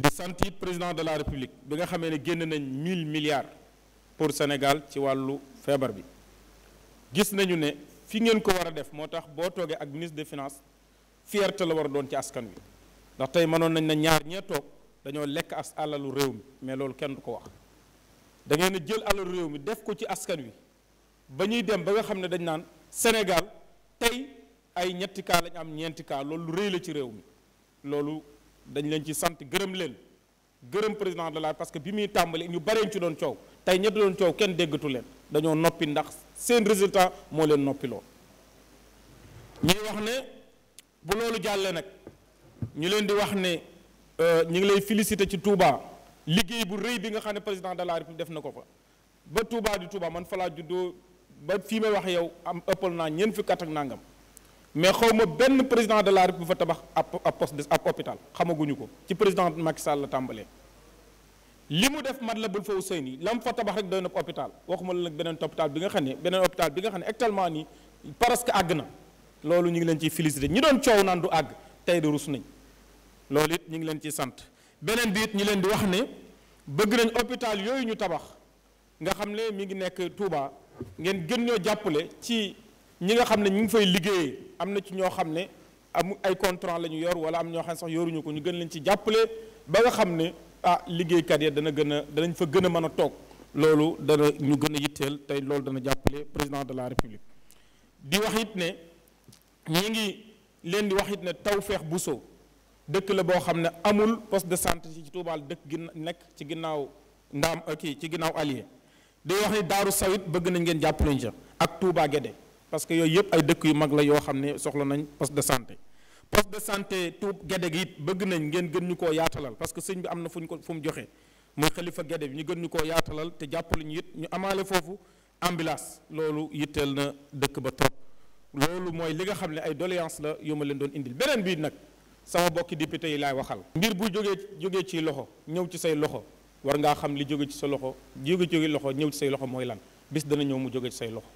di sant président de la république bi nga xamee ne génn nañ 1000 milliards pour Sénégal ci wàllu feebar bi gis nañu ne fi ngeen ko war a def moo tax boo toogee ak ministre des finances fierté la war a doon ci askan wi ndax tey mënoon nañ ne ñaar ñee toog dañoo lekk as alalu réew mi mais loolu kenn du ko wax da ngeen a jël alalu réew mi def ko ci askan wi ba ñuy dem ba nga xam ne dañ naan Sénégal tey ay ñetti cas lañ am ñeenti kaa loolu lu ci réew mi dañu leen ci sant gërëm leen gërëm président de la parce que bi muy tàmbali ñu bareen ci doon coow tey ña doon coow kenn déggatu leen dañoo noppi ndax seen résultat moo leen noppiloo ñuy wax ne bu loolu jàllee nag ñu leen di wax ne euh, ñu ngi lay féliciter ci Touba liggéey bu rëy bi nga xam ne président de la République def na ko fa ba Touba di Touba man fa laa juddoo ba fii may wax yow am ëppal naa ñeent fukki at ak nangam mais xaw ma benn président de la République bu fa tabax ab ab poste de ab hôpital xamaguñu ko ci président Macky Sall la tàmbalee li mu def Matlaboul Fawzayni la mu fa tabax rek doy na hôpital waxuma la nag beneen hôpital bi nga xam ne beneen hôpital bi nga xam ne nii presque àgg na loolu ñu ngi leen ciy félicité ñi doon coow naan du àgg tey de rus nañ loolu it ñu ngi leen ci sant beneen bi it ñi leen di wax ne bëgg nañ hôpital yooyu ñu tabax nga xam ne mi ngi nekk Touba ngeen gën ñoo jàppale ci. ñi nga xam ne ñu ngi fay liggéeyee am na ci ñoo xam ne amul ay contrat la ñu yor wala am ñoo xam sax yoruñu ko ñu gën leen ci jàppale ba nga xam ne ah liggéeykat ya dana gën a danañ fa gën a mën a toog loolu dana ñu gën yitteel tey loolu dana jàppale président de la république di wax it ne ñi ngi leen di wax it ne bu Bousso dëkk la boo xam ne amul poste de santé ci tuubaal dëkk gi nekk ci ginnaaw ndaam euh, kii ci ginnaaw allié day wax ni daaru sawit bëgg nañ ngeen jàppaleñ ca ak Touba parce que yooyu yëpp ay dëkk yu mag la yoo xam ne soxla nañ poste de santé poste de santé tuub gede gi it bëgg nañ ngeen gën ñu koo yaatalal parce que sëñ bi am na fu ñu ko fu mu joxe muy xalifa gede bi ñu gën ñu koo yaatalal te jàppale ñu it ñu amaale foofu ambulance loolu yitteel na dëkk ba trop loolu mooy li nga xam ne ay doléance la yu ma leen doon indil beneen bii nag sama bokki député yi laay waxal mbir bu jógee jógee ci loxo ñëw ci say loxo war ngaa xam li jóge ci sa loxo jóge jóge loxo ñëw ci say loxo mooy lan bis dana ñëw mu jóge ci say loxo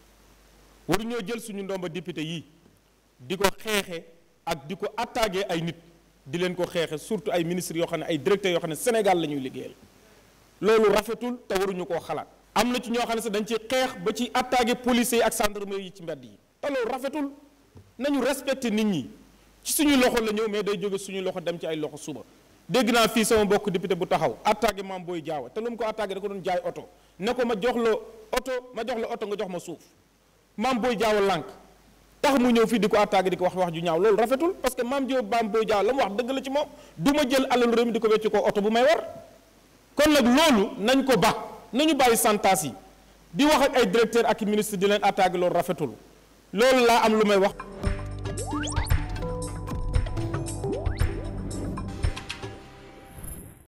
waruñoo jël suñu ndomba député yi di ko xeexe ak di ko attaqué ay nit di leen ko xeexe surtout ay ministres yoo xam ne ay directeurs yoo xam ne Sénégal la ñuy liggéeyal loolu rafetul te waruñu ko xalaat am na ci ñoo xam ne sax dañ ci xeex ba ci attaqué policiers yi ak gendarmerie yi ci mbedd yi te loolu rafetul nañu respecté nit ñi ci suñu loxo la ñëw mais day jóge suñu loxo dem ci ay loxo suba dégg naa fii sama mbokk député bu taxaw attaqué maam booy jaawa te lu ko attaqué ko doon jaay oto ne ko ma jox la oto ma jox la oto nga jox ma suuf maam booy jaaw lànk tax mu ñëw fii di ko attaqué di ko wax wax ju ñaaw loolu rafetul parce que maam jo maam booy jaaw la mu wax dëgg la ci moom du ma jël alalu réew mi di ko wecc koo oto bu may war kon nag loolu nañ ko ba nañu bàyyi santaas yi di wax ak ay directeur ak i ministre di leen attaqué loolu rafetul loolu laa am lu may wax